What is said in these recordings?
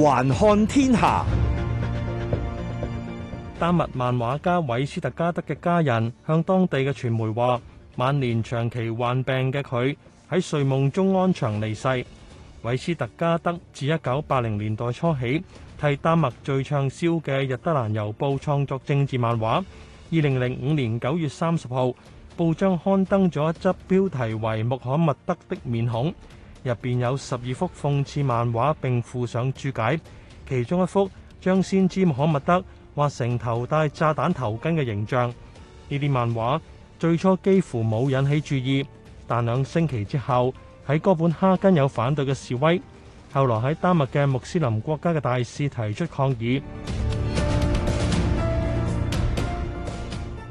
環看天下。丹麥漫畫家韋斯特加德嘅家人向當地嘅傳媒話，晚年長期患病嘅佢喺睡夢中安詳離世。韋斯特加德自一九八零年代初起，替丹麥最暢銷嘅《日德蘭郵報》創作政治漫畫。二零零五年九月三十號，報章刊登咗一則標題為《穆罕默德的面孔》。入邊有十二幅諷刺漫畫，並附上注解，其中一幅將先知穆罕默德畫成頭戴炸彈頭巾嘅形象。呢啲漫畫最初幾乎冇引起注意，但兩星期之後喺哥本哈根有反對嘅示威，後來喺丹麥嘅穆斯林國家嘅大使提出抗議。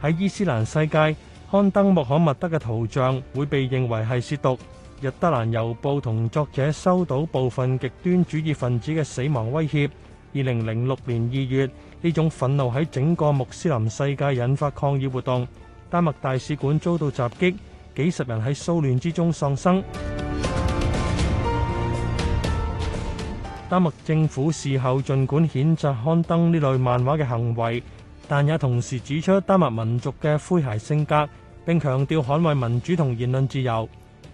喺伊斯蘭世界，刊登穆罕默德嘅圖像會被認為係褻瀆。日德蘭郵報同作者收到部分極端主義分子嘅死亡威脅。二零零六年二月，呢種憤怒喺整個穆斯林世界引發抗議活動，丹麥大使館遭到襲擊，幾十人喺騷亂之中喪生。丹麥政府事後盡管譴責刊登呢類漫畫嘅行為，但也同時指出丹麥民族嘅詼諧性格，並強調捍衛民主同言論自由。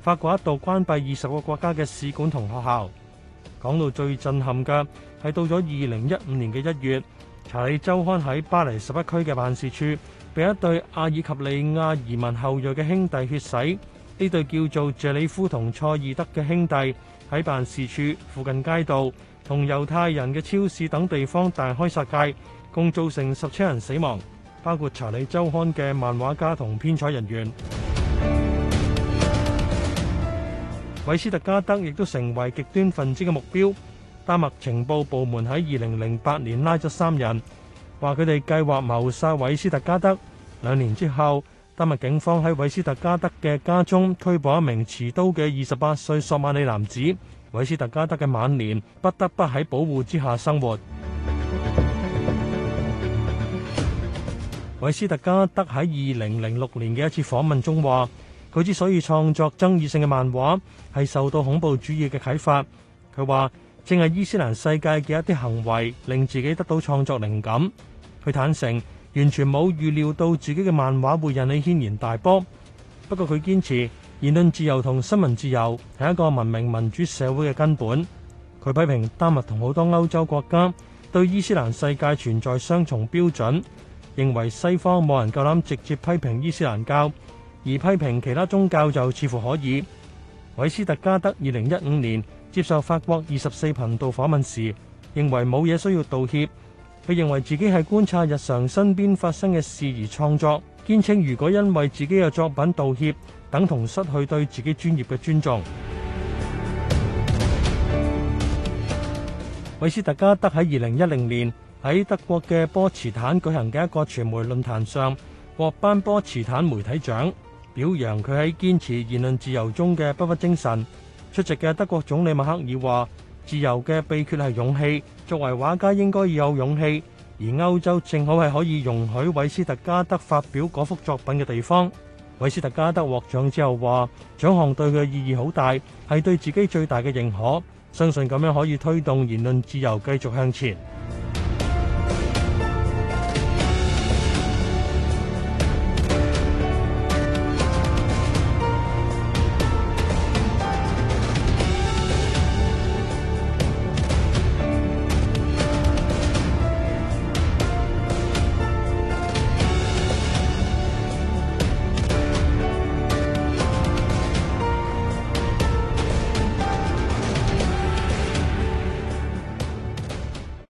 法國一度關閉二十個國家嘅使館同學校。講到最震撼嘅係到咗二零一五年嘅一月，查理周刊喺巴黎十一區嘅辦事處被一對阿爾及利亞移民後裔嘅兄弟血洗。呢對叫做謝里夫同賽爾德嘅兄弟喺辦事處附近街道同猶太人嘅超市等地方大開殺戒，共造成十七人死亡，包括查理周刊嘅漫畫家同編採人員。韋斯特加德亦都成為極端分子嘅目標。丹麥情報部門喺二零零八年拉咗三人，話佢哋計劃謀殺韋斯特加德。兩年之後，丹麥警方喺韋斯特加德嘅家中拘捕一名持刀嘅二十八歲索馬里男子。韋斯特加德嘅晚年不得不喺保護之下生活。韋斯特加德喺二零零六年嘅一次訪問中話。佢之所以創作爭議性嘅漫畫，係受到恐怖主義嘅啟發。佢話：正係伊斯蘭世界嘅一啲行為，令自己得到創作靈感。佢坦承，完全冇預料到自己嘅漫畫會引起軒然大波。不過佢堅持，言論自由同新聞自由係一個文明民主社會嘅根本。佢批評丹麥同好多歐洲國家對伊斯蘭世界存在雙重標準，認為西方冇人夠膽直接批評伊斯蘭教。而批評其他宗教就似乎可以。韋斯特加德二零一五年接受法國二十四頻道訪問時，認為冇嘢需要道歉。佢認為自己係觀察日常身邊發生嘅事而創作，堅稱如果因為自己嘅作品道歉，等同失去對自己專業嘅尊重。韋斯特加德喺二零一零年喺德國嘅波茨坦舉行嘅一個傳媒論壇上，獲頒波茨坦媒體獎。表揚佢喺堅持言論自由中嘅不屈精神。出席嘅德國總理默克爾話，自由嘅秘訣係勇氣。作為畫家應該要有勇氣，而歐洲正好係可以容許韋斯特加德發表嗰幅作品嘅地方。韋斯特加德獲獎之後話，獎項對佢嘅意義好大，係對自己最大嘅認可。相信咁樣可以推動言論自由繼續向前。